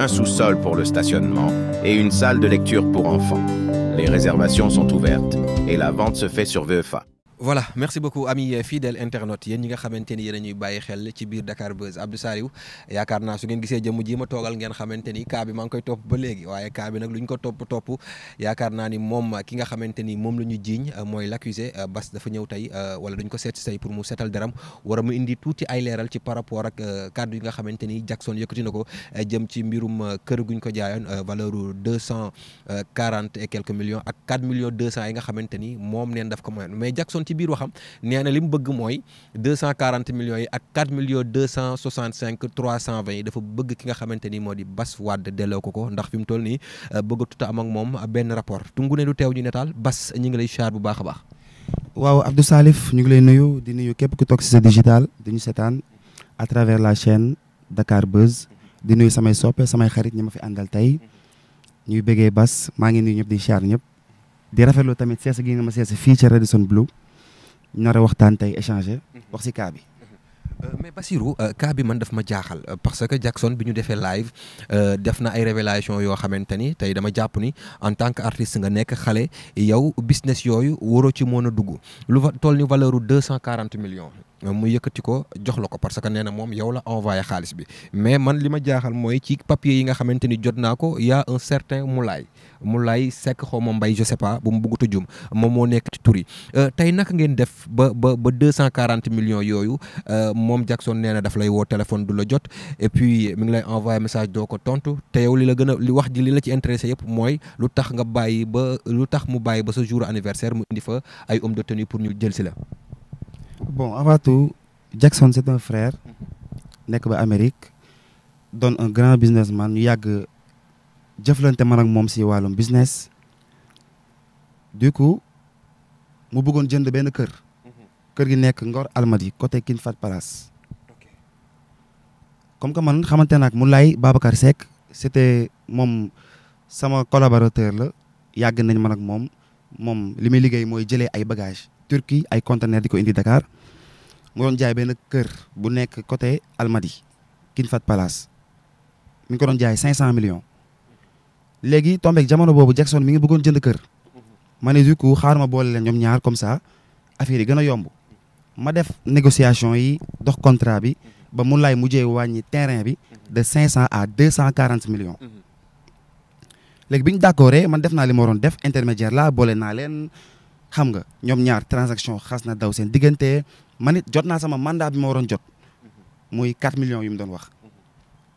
un sous-sol pour le stationnement et une salle de lecture pour enfants. Les réservations sont ouvertes et la vente se fait sur VEFA. voilà merci beaucoup ami fidèle internaute yéen ñi nga xamante ni yéen a ñuy bàyyi xel ci biir Dakar Buzz Abdou Saliou yaakaar naa su ngeen gisee jëmm ji ma toogal ngeen xamante ni koy topp ba léegi waaye cas bi nag lu naa ni moom ki nga xamante ni moom la ñu jiiñ mooy l'accusé Bass dafa ñëw tey wala dañ ko seet si pour mu seetal deram wara mu indi tuuti ay leeral ci par rapport ak kàddu yi nga xamante ni Jackson yëkkati na ko jëm ci mbirum kër guñ ko jaayoon valeur cent quarante et quelques millions ak nga xamante ni moom neen daf ko mayoon mais Jackson ci biir waxam nee na li mu bëgg mooy deux cent quarante millions yi ak quatre millions deux cent soixante cinq trois cent vingt yi dafa bëgg ki nga xamante ni moo di Bas Wade delloo ko ko ndax fi mu toll nii euh, bëggatuta am ak moom benn rapport tungu ne du teew ñu netaal Bas ñu ngi lay xaar bu baax a baax. waaw Abdou Salif ñu ngi lay nuyu di nuyu képp ku toog ci sa digital di ñu seetaan à travers la chaîne Dakar Buzz di nuyu samay soppe samay xarit ñu ma fi àndal tey ñuy bëggee Bas maa ngi nuyu ñëpp di xaar ñëpp. di rafetlu tamit sees gi nga ma nar waxtaan tey échanger mhm. wax si cas bi. Euh, mais Basirou euh, cas bi man daf ma jaaxal euh, parce que Jackson bi ñu defee live def na ay révélation yoo xamante ni tey dama jàpp ni en tant que artiste nga nekk xale yow business yooyu waroo ci mën a dugg lu toll ni valeur u cent quarante millions. Euh, mu yëkkati ko jox la ko parce que nee na moom yow la envoyé xaalis bi mais man li ma jaaxal mooy ci papier yi nga xamante ni jot naa ko y a un certain mu Moulay sekk xaw ma mbay je sais pas bu mu bugg tujum moom moo nekk ci tur yi euh, tey naka ngeen def ba ba ba deux cent quarante million yooyu euh, moom Jackson nee na daf lay woo téléphone du la jot et puis mi ngi lay envoyé message doo ko tontu te yow li la gën a li wax ji li la ci intéressé yëpp mooy lu tax nga bàyyi ba lu tax mu bàyyi ba sa jour anniversaire mu indi fa ay homme de tenue pour ñu jël si la. bon avant tout Jackson c'est un frère nekk ba Amérique don un grand businessman ñu yàgg jëflante man ak moom si wàllum business du coup mu bëggoon jënd benn kër kër gi nekk Ngor Almadi côté King Fahd Palace comme que man xamante naak mu lay Babacar Seck c'était moom sama collaborateur la yàgg nañ man ak moom moom li muy liggéey mooy jëlee ay bagages Turquie ay conteneur di ko indi Dakar mu doon jaay benn kër bu nekk coté Almadi King Fahd Palace mi ngi ko doon jaay 500 millions léegi tombeek jamono boobu Jackson mi ngi bëggoon jënd kër ma ne du coup xaar ma boole leen ñoom ñaar comme ça affaire yi gën a yomb ma def négociation yi dox contrat bi ba mu lay mujjee wàññi terrain bi de cent à 240 cent mhm. léegi million ñu bi accordé man def naa li ma def intermédiaire laa boole naa leen. xam nga ñoom ñaar transaction xas na daw seen diggante man jot naa sama mandat bi ma jot muy 4 millions yu mu doon wax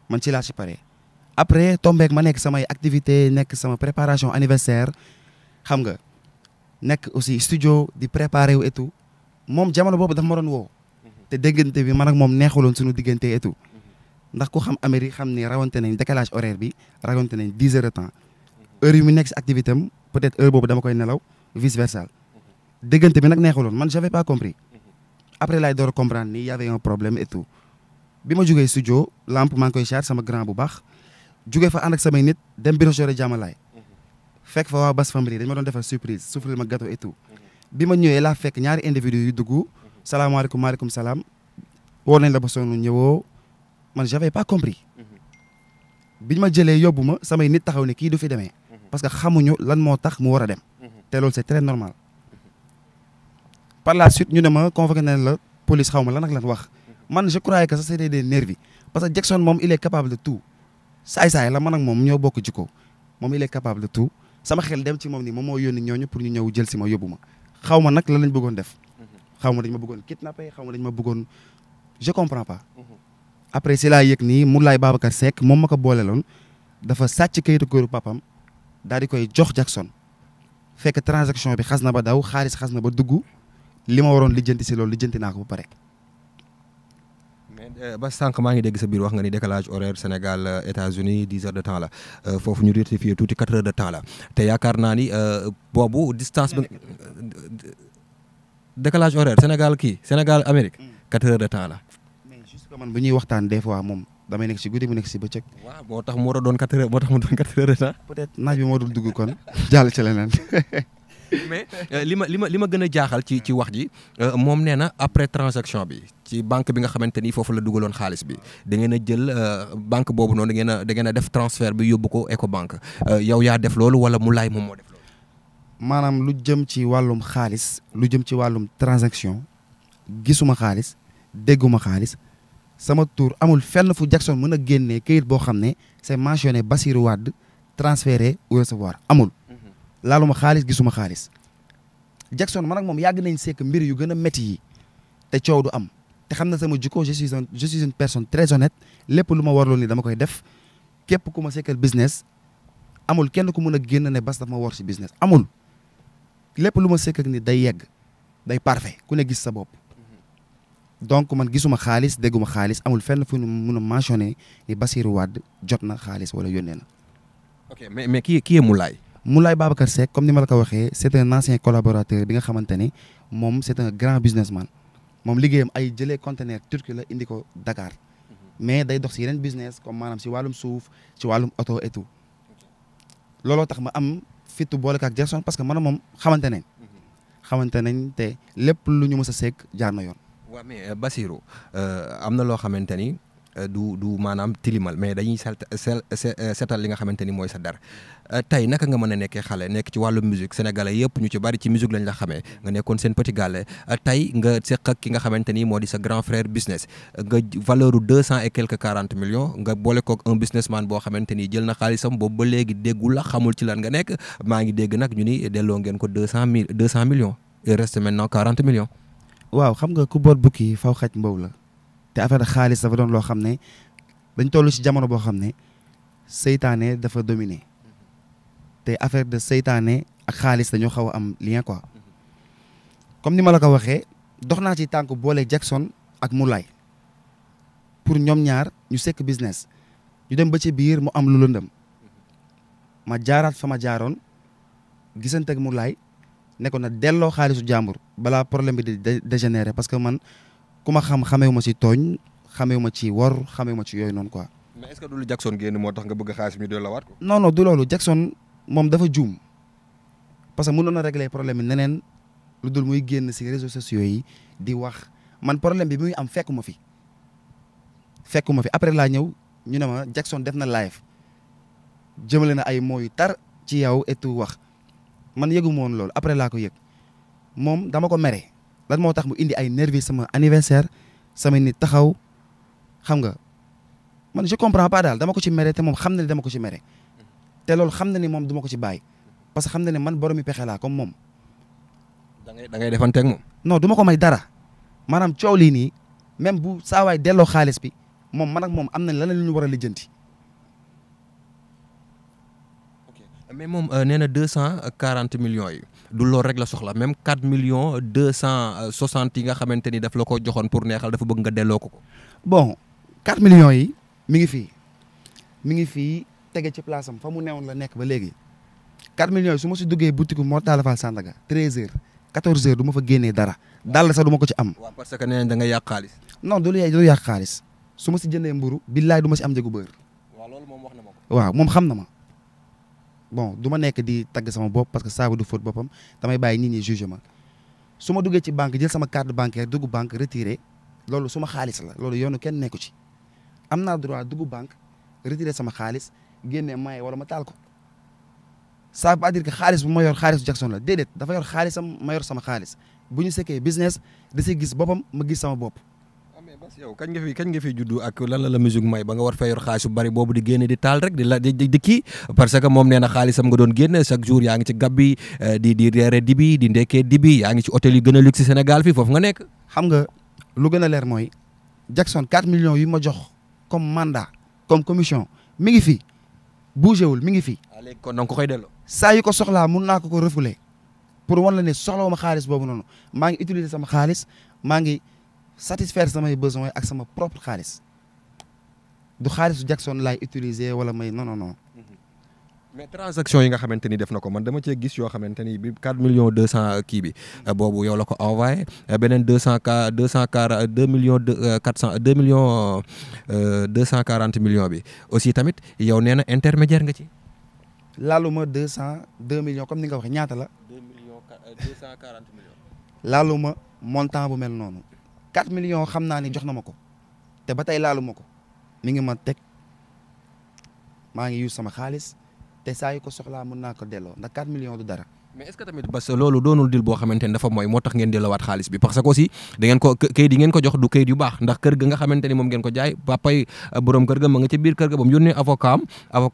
man ci laa si pare après tombeek ma nekk samay activité nekk sama préparation anniversaire xam nga nekk aussi studio di préparé wu et tout moom jamono boobu dafa ma woo te déggante bi man ak moom neexuloon suñu diggante et ndax ku xam Amérique xam ni rawante nañ décalage horaire bi rawante nañ 10 heures de temps heure yu mu nekk si activité peut-être boobu dama koy nelaw vice déggante bi nag neexuloon man j'avais pas compris après laay door comprendre ni y avait problème et bi ma jugee studio lamp maa ngi koy char sama grand bu baax jugee fa ànd ak samay nit dem biro jore jàmmalaay fekk fa waa Bass Family ma doon defal surprise soufflé ma gâteau et bi ma ñëwee laa fekk ñaari individus yu dugg salaamaaleykum maaleykum salaam woo nañ la ba sonn ñëwoo man j'avais pas compris biñ ma jëlee yóbbu ma samay nit taxaw ne kii du fi demee parce que xamuñu lan moo a dem te par la suite ñu ne ma convoqué la police xaw ma lan ak lan wax man je croyais que ça c'était des parce que Jackson moom il capable tout saay-saay la man ak moom ñoo bokk jikko moom il est capable de tout sama xel dem ci moom ni moom moo yónni ñooñu pour ñu ñëw jël si ma yóbbu ma xaw ma nag lan lañ bëggoon def xaw ma dañ ma bëggoon kidnappé xaw ma dañ ma bëggoon je comprends pas après si laa yëg nii Moulay Babacar Seck moom ma ko booleloon dafa sàcc kayitu këru papam daal di koy jox bi xas na ba daw xaalis xas na ba dugg li ma waroon lijjanti si loolu lijjanti naa ko ba pare. mais euh, ba sànq maa ngi dégg sa biir wax nga ni décalage horaire Sénégal euh, États-Unis dix heures de temps la euh, foofu ñu rectifier tuuti quatre heures de temps la te yaakaar naa ni boobu distance bi décalage horaire Sénégal kii Sénégal Amérique hmm. quatre heures de temps la. mais man bu ñuy waxtaan des fois moom damay nekk si guddi mu nekk si bëccëg. waaw moo tax mu war doon moo tax mu doon quatre heures de temps. naaj bi moo dul dugg kon jàll ci mais euh, li ma li ma li ma gën a jaaxal ci ci wax ji euh, moom nee na après transaction bi ci banque bi nga xamante ni foofu la dugaloon xaalis bi dangeen ngeen a jël euh, banque boobu noonu da ngeen a da ngeen a def transfert bi yóbbu ko Ecobank yow yaa def loolu wala mu laay moom moo def loolu. maanaam lu jëm ci wàllum xaalis lu jëm ci wàllum transaction gisuma xaalis dégguma xaalis sama tour amul fenn fu Jackson mën a génnee kayit boo xam ne c'est mentionné Bassirou Wade transféré ou recevoir amul. laaluma xaalis gisuma xaalis Jackson ma ak moom yàgg nañ sekk mbir yu gën a métti yi te coow du am te xam na sama jikko je suis un je suis une personne très honnête lépp lu ma warloon ni dama koy def képp ku ma sekkal business amul kenn ku mun a génn ne bas dafa ma war si business amul lépp lu ma sekk ak ni day yegg day parfait ku ne gis sa bopp. donc man gisuma xaalis dégguma xaalis amul fenn fu ñu mun a mentionné ni Basirou Wade jot na xaalis wala yónnee na. mais mais kii kii Moulay Moulay lay Seck comme ni ma la ko waxee c' est un ancien collaborateur bi nga xamante ne moom c' est un grand businessman moom liggéeyam ay jëlee conteneur turki la indi ko Dakar mhm. mais day dox si yeneen business comme maanaam si wàllum suuf si wàllum oto et looloo tax ma am fitu boole ak Jackson parce que man moom xamante ne. Mhm. xamante nañ te lépp lu ñu mës a sekk jaar na yoon. waaw mais euh, Basirou euh, am na loo xamante ni Euh, du du maanaam tilimal mais dañuy sel setal euh, li nga xamante ni mooy sa der euh, tey naka nga mën a nekkee xale nekk ci wàllu musique sénégalais yëpp ñu ci bari ci musique lañ la xamee nga nekkoon seen petit gàlle tey nga seq ak ki nga xamante ni moo di sa grand frère business nga valeur u deux cent et quelque quarante millions nga boole kook un businessman boo xamante ni jël na xaalisam boobu ba léegi déggul la xamul ci lan nga nekk maa ngi dégg nag ñu ni delloo ngeen ko deux cent mille deux cent millions il reste maintenant quarante millions. waaw xam nga ku boot bukki faw xaj mbow la. te affaire xaalis dafa doon loo xam ne dañ toll ci jamono boo xam ne seytaane dafa domine te affaire de seytaane ak xaalis dañoo xaw a am lien quoi comme ni ma la ko waxee dox naa ci tànk boole Jackson ak Moulay pour ñoom ñaar ñu sekk business ñu dem ba ci biir mu am lu lëndëm ma jaaraat fa ma jaaroon gisante ak Moulay ne na delloo xaalisu jàmbur balaa problème bi di dégénérer parce que man ku ma xam xamee wu ma si tooñ xamee wu ma ci wor xamee ma ci yooyu noonu quoi. mais est-ce que du génn moo tax nga bëgg xaalis mi delluwaat ko. non non du loolu Jackson moom dafa juum parce que mënoon na régler problème bi neneen lu dul muy génn si réseaux sociaux yi di wax man problème bi muy am fekkuma fi fekkuma fi après laa ñëw ñu ne ma Jackson def na live jëmale na ay mooyu tar ci yow et wax man yëgu ma loolu après laa ko yëg moom dama ko mere. lan moo tax mu indi ay nervi sama anniversaire sama nit taxaw xam nga man je comprends pas daal dama ko ci mere te moom xam na ne dama ko ci mere mm-hmm. te loolu xam na ni moom du ko ci bàyyi parce que xam na ne man borom mi pexe laa comme moom. da ngay da ngay moom. non duma ko may dara maanaam coow lii nii même bu saawaay delloo xaalis bi moom man ak moom am nañ leneen lu ñu war a lijjanti. ok mais moom euh, nee na deux cent quarante millions yi. du loolu rek la soxla même 4 millions 260 yi nga xamante ni daf la ko joxoon pour neexal dafa bëgg nga delloo ko ko. bon 4 millions yi mi ngi fii mi ngi fii tege ci place fa mu newoon la nekk ba léegi 4 million yi su ma si duggee boutique Mor Talla Fall Sandaga 13h 14h du ma fa génnee dara dal sax du ko ci am. waaw parce que nee da nga yàq non du la du yàq xaalis su ma si jëndee mburu billaay du ma si am njëgu bër. waaw loolu moom wax na ma ko. waaw moom xam na ma. bon du ma nekk di tagg sama bopp parce que saabu du fóot boppam damay bàyyi nit ñi juge ma su ma duggee ci banque jël sama carte bancaire dugg banque retiré loolu suma xaalis la loolu yoonu kenn nekku ci am naa droit dugg banque retiré sama xaalis génne maye wala ma taal ko ça veut pas dire que xaalis bu ma yor xaalisu Jackson la déedéet dafa yor xaalisam ma yor sama xaalis bu ñu sekkee business da si gis boppam ma gis sama bopp yow kañ nga fi kañ nga fi juddu ak lan la la musique may ba nga war fee yor xaalis bu bari boobu di génne rek di la di di kii parce que moom nee doon génne chaque jour yaa ngi ci gab bi eh, di di dibi di ndekkee dibi yaa ngi ci hôtel yu gën a luxe ci nga nekk. xam nga lu gën a leer mooy Jackson 4 ma jox comme mandat comme commission mi ngi fi bougé wul mi ngi fi. Ah, léegi kon na nga ko koy delloo. saa yu ko soxlaa mun naa ko ko refoulé pour wan la ne soxla wu ma xaalis boobu noonu maa ngi utiliser ngi satisfaire samay besoin ak sama propre xaalis du xaalisu Jackson lay utiliser wala may non non non. Mm-hmm. mais transaction yi nga xamante ni def na ko man dama cee gis yoo xamante ni bi 4 millions 200 kii bi euh, boobu yow la ko envoyé euh, beneen 200 ka 200 ka 2 millions 400 2 euh, millions 240 millions bi aussi tamit yow nee na intermédiaire nga ci. laaluma 200 2 millions comme ni nga waxee ñaata la. 2 millions 240 millions. laaluma montant bu mel noonu. 4 millions xam naa ni jox na ma ko te ba tey laalu ma ko mi ngi ma teg maa ngi use sama xaalis te saa yu ko soxlaa mën naa ko delloo ndax 4 millions du dara. mais est-ce que tamit parce que loolu doonul dil boo xamante ni dafa bi parce que da ngeen ko kayit yi du kayit yu baax ndax kër nga xamante ni moom ngeen ko jaay euh, ma nga ca biir kër ga ba mu yónnee avocat am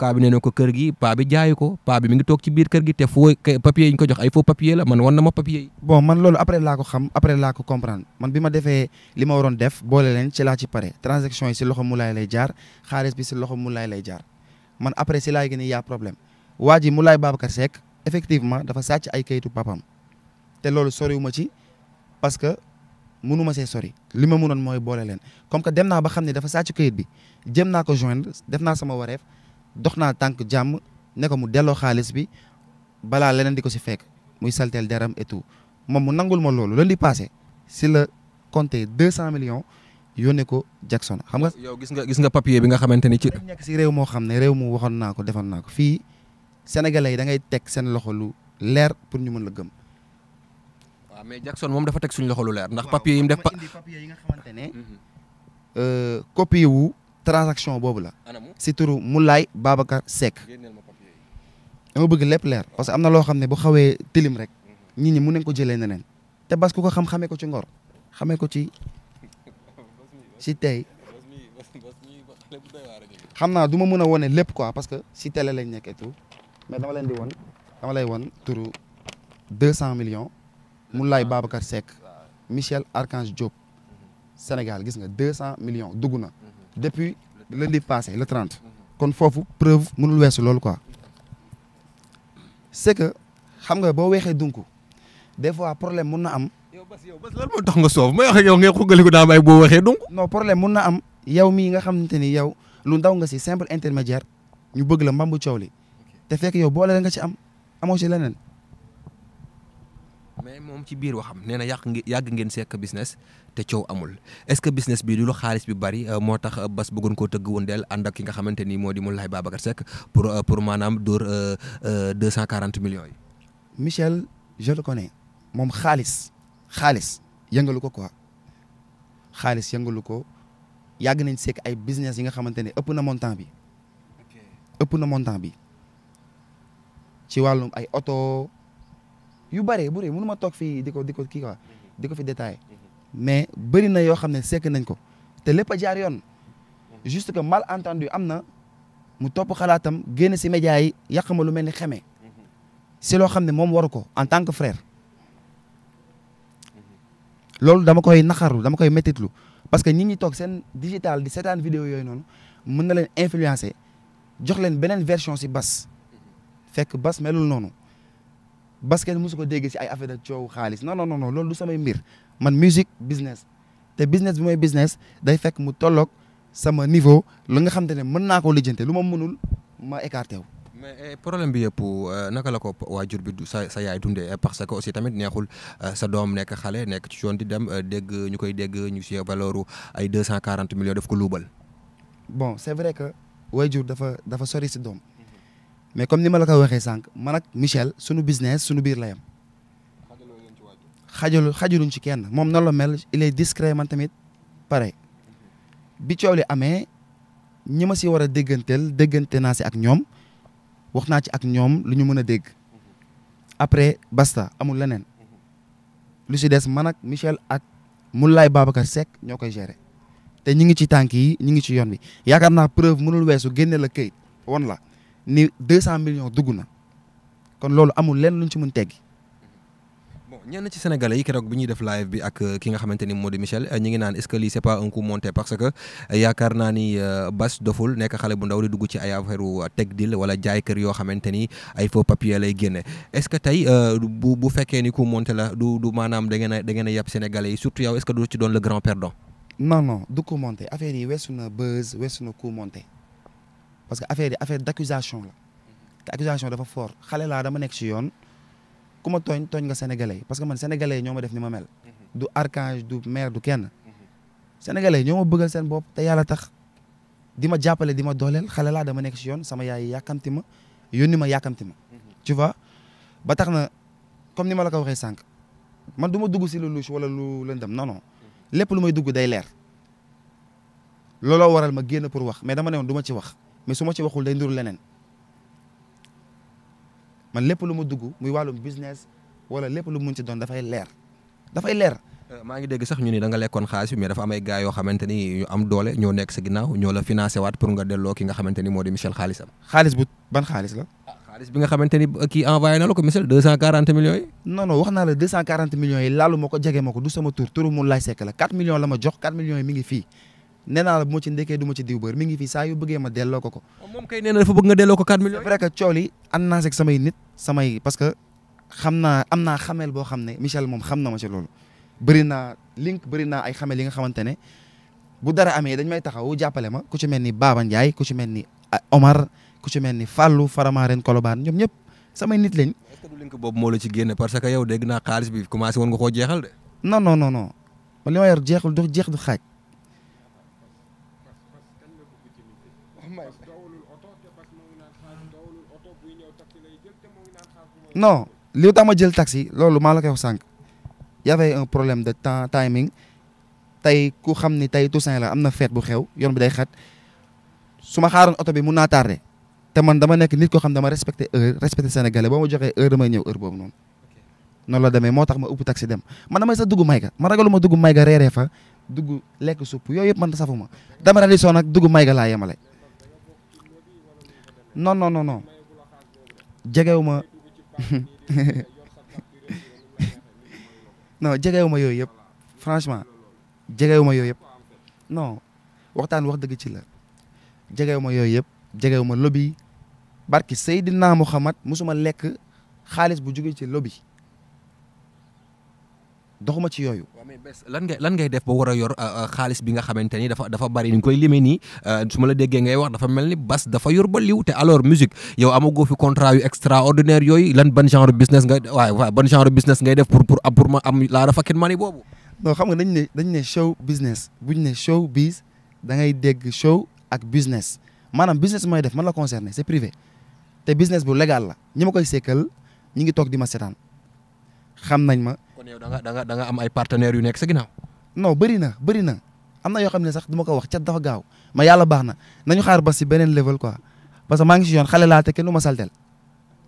mi ngi toog ci biir kër gi te faux papier yi ñu ko jox ay faux papier la man wan na ma papier yi loolu après laa ko xam après laa ko comprendre def boole leen ci laa pare transaction yi si loxo Moulay lay jaar xaalis bi si loxo Moulay lay si laay gën a yaa problème effectivement dafa sàcc ay kayitu papam te loolu soriwuma ci parce que mënu see sori li ma mënoon mooy boole leen comme que dem naa ba xam ne dafa sàcc kayit bi jëm naa ko joindre def naa sama wareef dox naa tànk jàmm ne ko mu delloo xaalis bi balaa leneen di ko si fekk muy salteel deram et moom mu nangul ma loolu di passé si la compté deux cent millions yónnee ko Jackson xam nga. gis nga gis nga papier bi nga xamante ni ci. nekk si réew moo xam ne réew mu waxoon naa ko defoon naa ko fii. sénégalais yi da ngay teg seen loxo lu leer pour ñu mën la gëm. waaw mais Jackson moom dafa teg suñu loxo lu leer ndax. papier yi mu def papier yi nga xamante ne. copie wu transaction boobu la. si turu Moulay Babacar Seck. dama bëgg lépp leer parce que am na loo xam ne boo xawee tilim rek. nit ñi mun nañ ko jëlee neneen. te bas ko xam xamee ko ci ngor. xamee ko ci si tey xam naa du ma mën a wone lépp koi parce que si télé lañ nekk et mais dama leen di won dama lay won turu deux cent millions Moulay Babacar Seck Michel Archange Diop Sénégal gis nga deux cent millions dugg na depuis la passé le trente kon foofu preuve mënul weesu loolu quoi c'est que xam nga boo weexee dunku des fois problème mun na am yow bas yow nga soof may wax ak yow daa may boo waxee donc. non problème mun na am yow mii nga xamante ni yow lu ndaw nga si simple intermédiaire ñu bëgg la mbambu coow li te fekk yow boole la nga ci am amoo ci leneen. mais moom ci biir waxam nee na yàq ngi yàgg ngeen sekk business te coow amul est-ce que business bi du xaalis bi bari euh, moo tax euh, bas bëggoon koo tëgg woon del ànd ak ki nga xamante ni moo di Moulaye Babacar Seck pour euh, pour maanaam dóor 240 millions yi. Michel je le connais moom xaalis xaalis yëngalu ko quoi xaalis yëngalu ko yàgg nañ sekk ay business yi nga xamante ne ëpp na montant bi. ëpp na montant bi. ci wàllum ay oto yu bare bu rëy ma toog fii di ko di ko kii quoi di ko fi détaillé mais bëri na yoo xam ne sekk nañ ko te lépp jaar yoon juste que malentendu am na mu topp xalaatam génn si média yi yàq ma lu mel ni xeme si loo xam ne moom waru ko en tant que frère loolu dama koy naxarlu dama koy métitlu parce que nit ñi toog seen digital di setaan vidéo yooyu noonu mën na leen influencer jox leen beneen version si bas fekk bas melul noonu bas kenn mosu dégg si ay affaire de coow xaalis non non loolu du samay mbir man musique business te business bi mooy business day fekk mu tolloog sama niveau lu nga xam ne mën naa ko lijjante lu ma mënul ma écarté wu. mais eh, problème bi yëpp euh, naka la ko waajur bi sa sa yaay dundee eh, parce que aussi tamit neexul euh, sa doom nekk xale nekk ci yoon di dem euh, dégg ñu koy dégg ñu si valeur ay deux cent quarante millions daf ko luubal. bon c'est vrai que waajur dafa dafa sori si doom. mais comme ni ma la ko waxee sànq man ak Michel suñu business suñu biir la yem xajalu xajaluñ ci kenn moom noonu la mel il est discret man tamit pare bi coow li amee ñi ma si war a dégganteel déggante naa si ak ñoom wax naa ci ak ñoom lu ñu mën a dégg après basta amul leneen lu si des man ak Michel ak Moulay Babacar Seck ñoo koy gérer te ñi ngi ci tànk yi ñi ngi ci yoon bi yaakaar naa preuve mënul weesu génne la këyit won ni 200 million dugg na kon loolu amul lenn lu ci mën teggi bon ñenn ci sénégalais yi keroog bi ñuy def live bi ak euh, ki nga xamante ni moo di Michel euh, ñi ngi naan est-ce que lii c'est parce que euh, yaakaar naa ni Bas doful nekk xale bu ndaw di dugg ci ay affaire teg dil wala jaay kër yoo xamante ni ay faux papier lay génne est-ce que tey bu bu fekkee ni coup monte la du du maanaam da ngeen a da ngeen a yàpp sénégalais yi surtout yow est-ce que du ci doon le grand perdant. non non du coup monté affaire yi weesu na buzz weesu na monté. parce que affaire yi affaire accusation la te accusation dafa fort xale laa dama nekk si yoon ku ma tooñ tooñ nga sénégalais parce que man sénégalais ñoo ma def ni ma mel. du archange du maire du kenn. sénégalais yi ñoo ma bëggal seen bopp te yàlla tax di ma jàppale di ma dooleel xale laa dama nekk si yoon sama yaay yàkkamti ma yónni ma yàkkamti ma. tu vois ba tax na comme ni ma la ko waxee sànq man du ma dugg si lu louche wala lu lëndëm non non lépp lu may dugg day leer looloo waral ma génn pour wax mais dama ne du ma ci wax. mais su ma ci waxul day ndur leneen man lépp lu ma dugg muy wàllum business wala lépp lu mun ci doon dafay leer dafay leer. Euh, maa ngi dégg sax ñu ni lekkoon xaalis bi mais dafa am ay gars ni ñu am doole ñoo nekk sa ginnaaw ñoo la financé waat pour nga delloo ki nga xamante moo di Michel xaalisam. xaalis bu ban xaalis la. Ah, xaalis bi nga xamante ni envoyé na la ko Michel 240 yi. non wax naa la 240 yi laalu ma ko jege ma nee naa la bu ma ci ndekkee du ma ci diw bër mi ngi fii saa yu bëggee ma delloo ko ko. Oh, moom kay a na dafa bëgg nga delloo samay nit samay parce que xam naa am naa xameel boo xam ne Michel moom xam na ma si loolu bari naa link bëri naa ay xameel yi nga xamante ne bu dara amee dañ may taxawu jàppale ma ku ci mel ni Baba Ndiaye ku ci mel ni Omar ku ci mel ni Fallou Faramaren Kolobaan ñoom ñëpp samay nit lañ. est-ce que du link boobu moo la ci génne parce que yow dégg naa xaalis bi commencé woon nga koo jeexal de. non non non non jeexul du jeex du xaaj non li tax ma jël taxi loolu maa la koy wax sànq y avait un problème de temps timing tey ku xam ni tey Toussaint la am na fête bu xew yoon bi day xat su ma xaaroon oto bi mun naa tardé te man dama nekk nit koo xam dama respecté heure respecté sénégalais boo ma joxee heure damay ñëw heure boobu noonu. noonu la demee moo tax ma upp taxi dem man damay sax dugg Mayga ma ragalu ma dugg Mayga reeree fa dugg lekk supp yooyu yëpp man safu ma dama radisson nag dugg Mayga laa yemale. non jegewu ma yooyu yëpp franchement jegew ma yooyu yëpp non waxtaan wax dëgg ci la jegew ma yooyu yëpp jegewu ma lobby barki Seydina Muhammad musuma lekk xaalis bu jóge ci lobby doxuma ci yooyu. waaw mais lan lan ngay def ba war a yor euh, euh, xaalis bi nga xamante ni dafa dafa bari ni koy limee nii euh, su ma la déggee ngay wax dafa mel ni bas dafa yor ba liw te alors musique yow amagoo fi contrat yu extraordinaire yooyu lan ban genre business ngay waaw waaw ban genre business ngay def pour pour pour ma am laa dafa kin mani boobu. non xam nga dañ ne dañ ne show business buñ ne show biz da ngay dégg show ak business maanaam business mooy def man la concerné c'est privé te business bu legal la ñi ma koy sekkal ñi ngi toog di ma seetaan xam nañ ma. kon yow da nga am ay partenaires yu nekk sa ginnaaw. non bëri na bëri na am na yoo xam ne sax du ko wax cat dafa gaaw ma yàlla baax na nañu xaar ba si beneen level quoi parce que maa ngi si yoon xale laa te kenn du ma saltel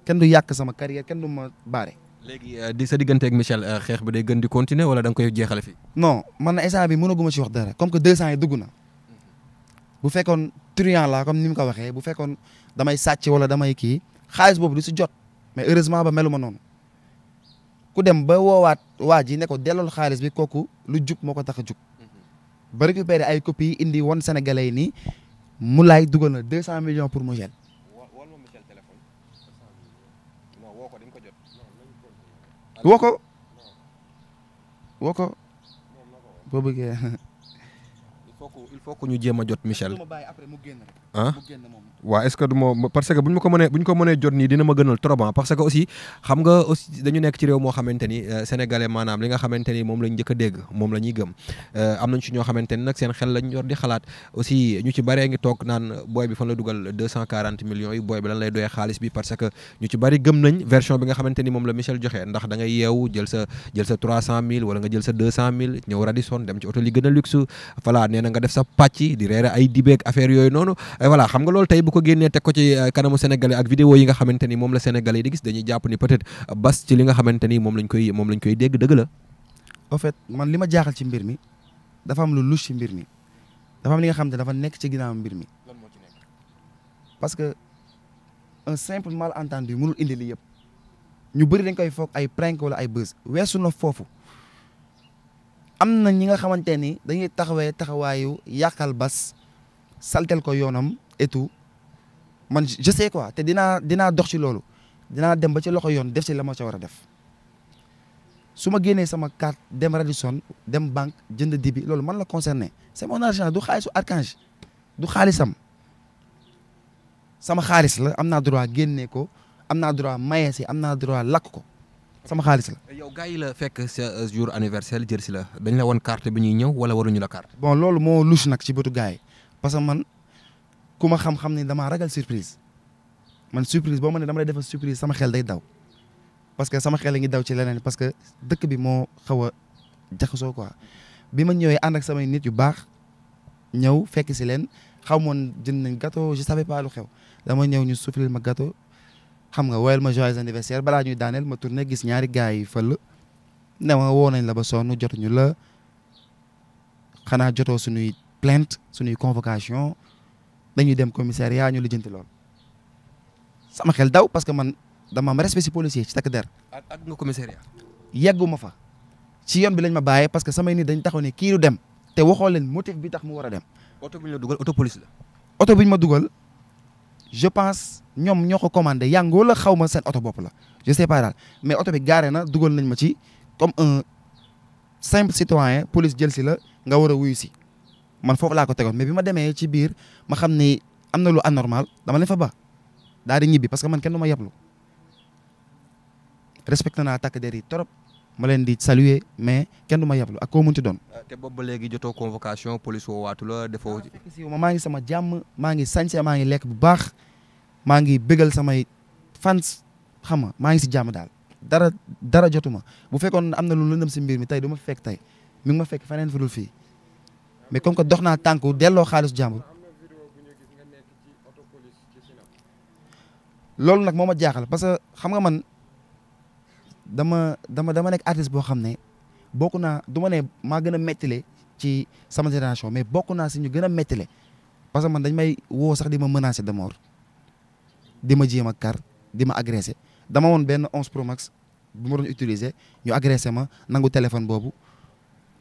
kenn du yàq sama carrière kenn du ma baare. léegi euh, di sa diggante ak Michel euh, xeex bi day gën di continuer wala da koy jeexale fi non man na instant bi mënaguma ci wax dara comme que 200 yi dugg na bu fekkoon truand la comme ni ma ko waxee bu fekkoon damay sàcc wala damay kii xaalis boobu du si jot mais heureusement ba meluma noonu. ku dem ba woowaat waa ji ne ko dellool xaalis bi kooku lu jub moo ko tax a jug ba récupérer ay copie indi woon sénégalais yi nii lay dugal na deux cent million pour Mougel woo ko woo ko boo il faut ñu jéem a jot Michel ah est-ce que du ma parce que buñ ma ko mënee jot nii dina ma gënal trop ah parce que aussi xam nga aussi dañu nekk ci réew moo xamante ni euh, sénégalais maanaam li nga xamante ni moom lañ njëkk dégg moom la gëm euh, am nañ ñu ci bëree ngi toog naan booy bi fan la dugal millions yi booy bi lan lay doyee xaalis bi parce que ñu ci bëri gëm nañ version bi nga xamante ni moom la Michel joxe ndax da ngay jël sa jël sa trois cent nga def sa pàcc di reere ay dibeeg affaire yooyu noonu voilà xam nga loolu tey bu ko génnee teg ko ci euh, kanamu sénégalais ak vidéo yi nga xamante ni moom la sénégalais yi di gis dañuy jàpp ni peut-être ci li nga xamante ni moom lañ koy moom koy dégg dëgg la en fait man li ma jaaxal ci mbir mi dafa am lu louche ci mbir mi dafa am li nga xam ne dafa nekk ci ginnaaw mbir mi parce que un simple malentendu mënul indi li yëpp ñu bëri dañ koy foog ay prank wala ay buzz weesu na foofu am na ñi nga xamante ni dañuy taxawee taxawaayu yàqal bas saltel ko yoonam et man je sais quoi te dinaa dinaa dox ci loolu dinaa dem ba ci loxo yoon def ci la ma ca war a def su ma génnee sama carte dem Radisson dem banque jënd dibi loolu man la concerné c'est mon argent du xaalisu Archange du xaalisam sama xaalis la am naa droit génnee ko am naa droit maye si am naa droit lakk ko sama xaalis la. yow gars yi la fekk sa jour anniversaire si la dañ la woon carte bi ñuy ñëw wala ñu la carte. bon loolu moo louche nag ci bëtu gars yi parce que man ku ma xam-xam ne damaa ragal surprise man surprise boo ma ne dama lay defal surprise sama xel day daw parce que sama xel a ngi daw ci leneen parce que dëkk bi moo xaw a jaxasoo quoi bi ma ñëwee ànd ak samay nit yu baax ñëw fekk si leen xaw moon jën nañ gâteau je savais pas xew dama ñëw ñu soufflé ma gâteau. xam nga woyal ma joyeux anniversaire balaa ñuy daaneel ma tourné gis ñaari gars yi fël ne ma woo nañ la ba sonn jotuñu la xanaa jotoo suñuy plainte suñuy convocation dañuy dem commissariat ñu lijjanti lool. sama xel daw parce que man dama am respect si policier takk der. ak ak nga commissariat. yegguma fa ci yoon bi lañ ma bàyyee parce que sama nit dañ taxaw ne kii dem te waxoo leen motif bi tax mu war a dem. oto bi ñu la dugal la. oto bi ñu ma dugal je pense ñoom ñoo ko commandé yàngoo la xaw ma seen oto bopp la je sais pas daal mais oto bi gaare na dugal nañ ma ci comme un simple citoyen police jël si la nga war a wuyu si man foofu laa ko tegoon mais bi ma demee ci biir ma xam ni am na lu anormal dama leen fa ba daal di ñibbi parce que man kenn du ma yablu respecté naa takk der yi trop. ma leen di saluer mais kenn du ma yablu ak koo mënti doon. Euh, te boobu ba léegi jotoo convocation police woowaatu la defoo. Ah, si ma maa ngi sama jàmm maa ngi sance maa ngi lekk bu baax maa ngi bégal samay fan xam nga maa ngi si jàmm daal dara dara jotuma bu fekkoon am na lu lëndëm si mbir mi tey du ma fekk tey mi ngi ma fekk feneen fu dul fii mais comme dox naa tànku delloo xaalis jàmbur. loolu nag moo ma jaaxal parce que xam nga man. dama dama dama nekk artiste boo xam ne bokk naa du ma ne maa gën a mettile ci sama génération mais bokk naa si ñu gën a mettile parce que man dañ may woo sax di ma menacer de mort di ma jéem a kar di ma agressé dama woon benn 11 Pro Max bu ma doon utiliser ñu agressé ma nangu téléphone boobu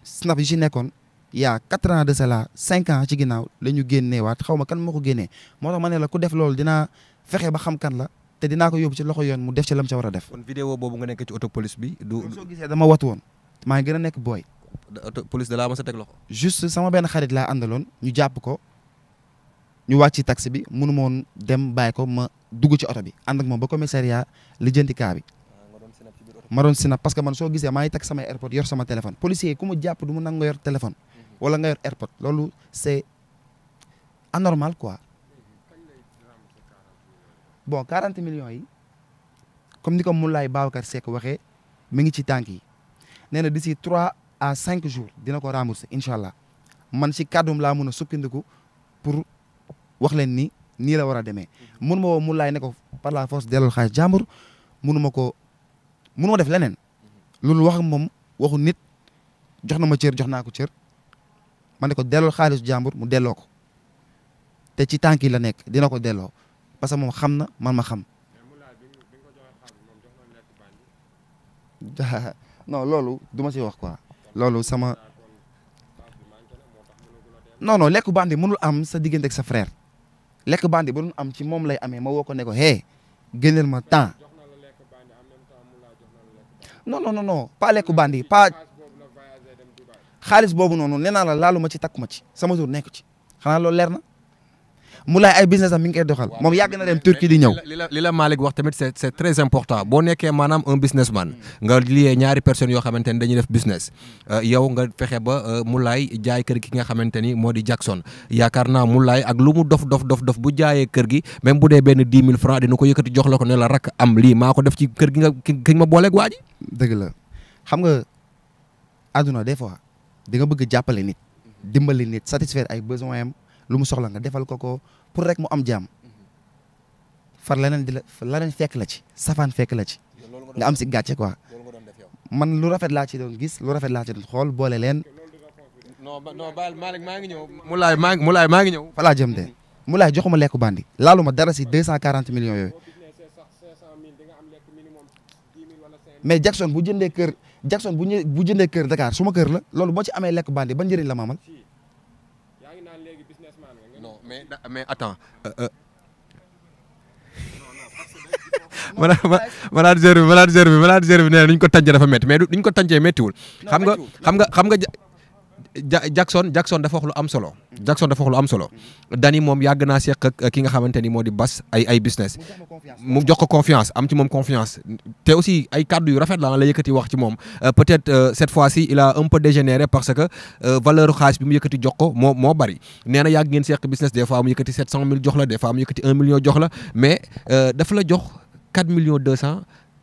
snap si ci nekkoon y' a 4 ans de cela 5 ci ginnaaw la ñu génneewaat xaw ma kan moo ko génnee moo tax ma ne la ku def loolu dinaa fexe ba xam kan la. te dinaa ko yóbbu ci loxo yoon mu def ci lam ca war a def. kon vidéo boobu nga nekk ci auto bi. a nekk booy. auto police da laa mës a teg loxo. juste sama benn xarit laa àndaloon ñu jàpp ko ñu wàcc ci taxi bi mënu ma woon dem bàyyi ko ma dugg ci oto bi ànd ak moom ba commissariat lijjanti kaa bi. ma doon sinap parce que man soo gisee maa ngi teg sama airpod yor sama téléphone policier ku ma jàpp du mu nangu nga yor téléphone. wala nga yor airpod loolu c'est anormal quoi. bon 40 million yi comme ni ko Moulaye Babacar Seck waxee mi ngi ci tànk yi nee na d'ici 3 à 5 jours dina ko rembourser incha allah man si kàddum laa mun a sukkandiku pour wax leen ni nii la war a demee. mun ma woo Moulaye ne ko par la force delloo xaalis jàmbur munuma ko munuma def leneen loolu wax moom waxu nit jox na ma cër jox naa ko cër man ne ko delloo xaalis jàmbur mu delloo ko te ci tànk yi la nekk dina ko delloo. parce que moom xam na man ma xam. non loolu duma ma ci wax quoi loolu sama non non lekk bandi mënul am sa diggante ak sa frère lekk bandi mënul am ci moom lay amee ma woo ko ne ko hey ma temps non non non non pas lekk bandi pas xaalis boobu noonu nee naa la laalu ma ci takku ma ci sama tur nekk ci xanaa loolu leer mu ay business am mi ngi koy moom yàgg na dem Turquie di ñëw li la Malick wax tamit c'est c'est très important boo nekkee maanaam un businessman nga liyee ñaari personnes yoo xamante ni dañuy def business euh, yow nga fexe ba euh, mu lay jaay kër gi nga xamante ni moo di Jackson yaakaar naa mu lay ak lu mu dof dof dof dof bu jaayee kër gi même bu dee benn dix mille francs dina ko yëkkati jox ko ne la rakk am lii maa ko def ci kër gi nga ki ma booleeg dëgg la xam ga àdduna des fois di nga bëgg jàppale nit dimbali nit satisfaire ay besoins am lu mu soxla nga defal ko ko pour rek mu am jàmm far leneen di la leneen fekk la ci safaan fekk la ci nga am si gàcce quoi man lu rafet laa ci doon gis lu rafet laa ci doon xool boole leen. non non Baal Malick maa ngi ñëw. Moulay maa ngi Moulay maa ngi ñëw. fa laa jëm de Moulay joxuma lekku bandi laaluma dara si deux cent quarante millions yooyu mais Jackson bu jëndee kër Jackson bu jëndee kër Dakar suma kër la loolu boo ci amee lekk bandi ba njëriñ la ma amal mais mais attends. Euh, euh. manager bi manager bi manager bi nee na ni ñu ko tàncee dafa métti mais du ko tàncee méttiwul. xam nga xam Jackson Jackson dafa wax lu am solo. Jackson dafa wax lu am solo. dani moom yàgg naa seq ki nga xamante ni moo di bas ay ay business. mu jox ko confiance am ci moom confiance. te aussi ay kàddu yu rafet la la yëkkati wax ci moom euh, peut-être euh, cette fois-ci il un peu dégénéré parce que euh, valeur xaalis bi mu yëkkati jox ko moo moo bari. nee na yàgg ngeen seq business des fois mu yëkkati 700000 jox la des fois mu yëkkati 1 million jox la mais dafa la jox 4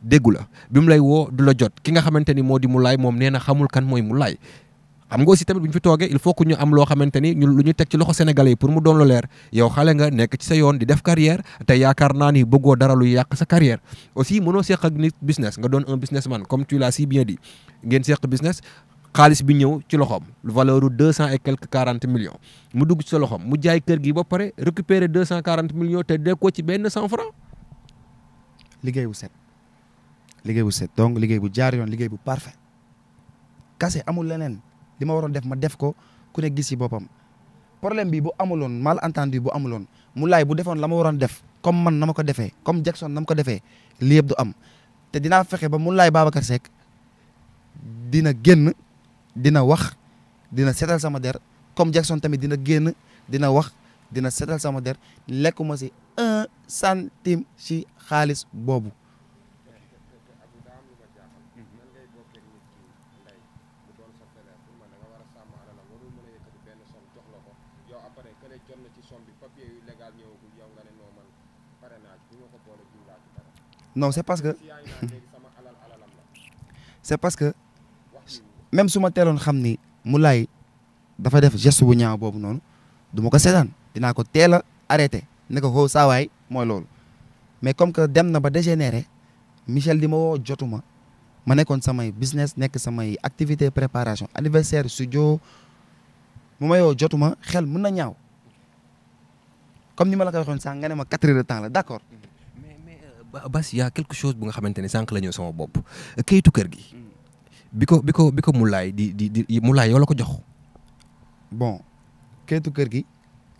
déggu la bi mu lay woo du la jot ki nga xamante ni moo di mu laay moom nee na xamul kan mooy mu laay. am nga aussi tamit bu ñu fi toogee il faut que ñu am loo xamante ni ñu lu ñu teg ci loxo sénégalais yi pour mu doon lu leer yow xale nga nekk ci sa yoon di def carrière te yaakaar naa ni bëggoo dara lu yàq sa carrière aussi mënoo seq ak nit business nga doon un businessman comme tu l'as si bien dit xaalis bi ñëw ci loxoom valeur u deux cent et quelque quarante millions mu dugg ci sa loxoom mu jaay kër gi ba pare récupérer deux cent quarante millions te dee ko ci benn cent franc. liggéey bu set liggéey bu set donc liggéey bu jaar yoon liggéey bu parfait kase amul leneen. li ma waroon def ma def ko ku ne gis si boppam problème bi bu amuloon malentendu bu amuloon Moulay bu defoon la ma waroon def comme man na ma ko defee comme Jackson na ma ko defee lii yëpp du am te dinaa fexe ba Moulay Babacar Seck dina génn dina wax dina seetal sama der comme Jackson tamit dina génn dina wax dina setal sama der lekkuma si un centime si xaalis boobu. non c'est parce que c'est parce que même su ma teeloon xam ni mu lay dafa def geste bu ñaaw boobu noonu du ma ko setaan dinaa ko teel a arrêté ne ko xaw saawaay mooy loolu mais comme que dem na ba dégénéré Michel di ma woo jotuma ma nekkoon samay business nekk samay activité préparation anniversaire studio mu ma yoo jotuma xel mun na ñaaw comme ni ma la ko waxoon sànq nga ne ma quatre heures de temps la d'accord Bass y a quelque chose bu nga xamante ne sànq la bopp kayitu kër gi. bi ko bi ko bi ko Moulay di di di Moulay la ko jox. bon kayitu kër gi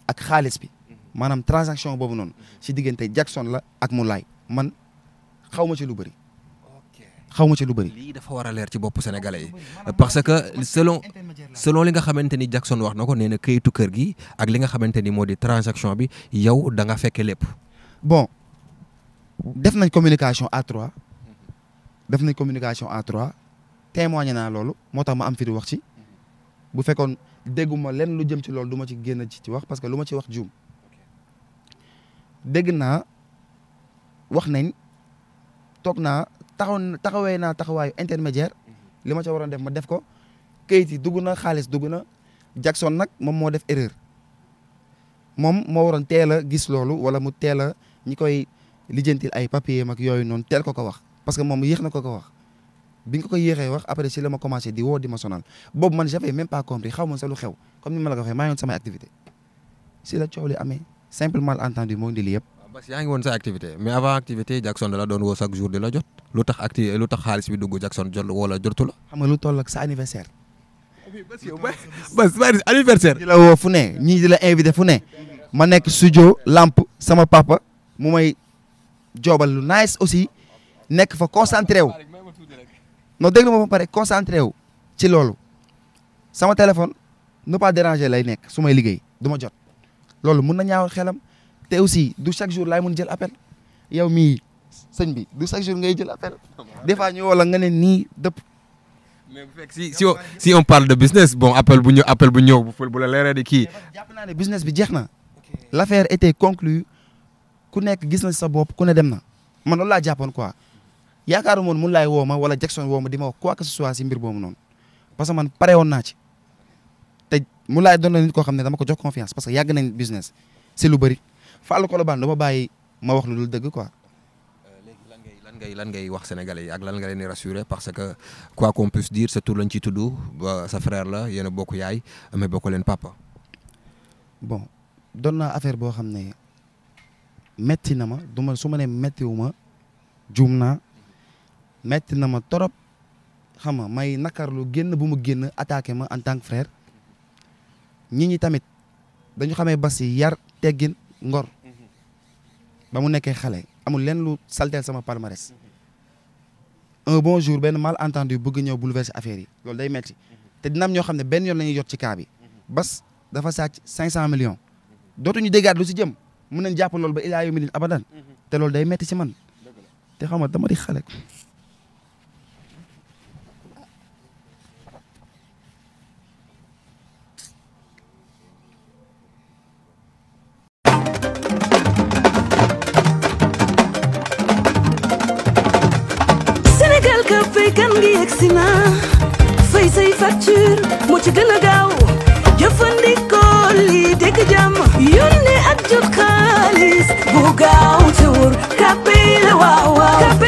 ak xaalis bi. maanaam transaction boobu noonu. si diggante Jackson la ak Moulay man xaw ma ci lu bëri. xaw ma ci lu bëri. lii dafa war leer ci bopp sénégalais yi parce que selon selon li nga xamante ni Jackson wax na ko nee na kayitu kër gi ak li nga xamante ni moo di transaction bi yow da nga fekke lépp. def nañ communication à trois def nañ communication à trois naa loolu moo tax ma am fi wax ci bu fekkoon dégguma lenn lu jëm ci loolu duma ma ci génn ci ci wax parce que luma ma ci wax juum dégg naa wax nañ toog naa taxaw taxawee naa taxawaayu intermédiaire li ma ca waroon def ma def ko kayit yi dugg na xaalis dugg na Jackson nag moom moo def erreur moom moo waroon teel a gis loolu wala mu teel a koy lijjantil ay papier mag yooyu noonu teel ko ko wax parce que moom yéex na ko ko wax bi nga ko yéexee wax après si la ma commencé di woo di ma sonal boobu man j'avais pas compris xaw ma sa lu xew comme ni ma la ko waxee maa ngi activité si la coow li amee simple malentendu moo indi li yëpp. Ah, yaa ngi woon sa activité mais avant activité Jackson da la doon woo chaque jour di la jot lu tax xaalis bi dugg Jackson jot woo la jotu lu toll ak joobal lu nice aussi nekk fa concentré wu non déglu ma ba pare concentré wu ci loolu sama téléphone ne pas déranger lay nekk su may liggéey du ma jot loolu mun na ñaaw xelam te aussi du chaque jour lay mun jël appel yow mii sëñ bi du chaque jour ngay jël appel des fois ñu woo la nga ne nii dëpp. mais bu fekk si si si on parle de business bon appel bu ñëw appel bu ñëw bu la leeree di kii. jàpp naa ne business bi jeex na l'affaire était conclue. ku nekk gis na sa bopp ku ne dem na man loolu laa jàppoon quoi yaakaaru moon mun laay woo ma wala Jackson woo ma di ma wax quoi que ce soit si mbir boobu noonu parce que man pare woon naa ci te mun laay doon na nit koo xam ne dama ko jox confiance parce que yàgg nañ business si lu bëri Fallou Colobane dama bàyyi ma wax lu dul dëgg quoi. lan ngay lan ngay wax sénégalais ak lan nga leen di rassurer parce que quoi qu'on puisse sa tur lañ ciy tudd sa frère la yéen yaay mais bokk leen papa. doon naa affaire boo xam ne metti na ma du ma su ma nee méttiwu ma juum naa metti na ma torop xam nga may lu génn bu mu génn attaqué ma en tant que frère ñi ñi tamit dañu xamee basi yar teggin ngor mm-hmm. ba mu nekkee xale amul leen lu salteel sama palmarès mm-hmm. un bon jour benn malentendu bëgg ñëw bouleverser affaire yi loolu day metti mm-hmm. te dina ñoo xam ne benn yoon la ñu yot ci cas bi bas dafa sàcc cinq cent million dootuñu déggaat lu si jëm mun nañ jàpp loolu ba ilaa yomi din abadan mhm. te loolu day metti ci man te xam nga dama di xale Sénégal ka fay kan ngi yegg si na fay say facture moo ci gën a gaaw jëfandikoo lii dégg jàmm yónnee ak jot buga utur kapila wawa kapila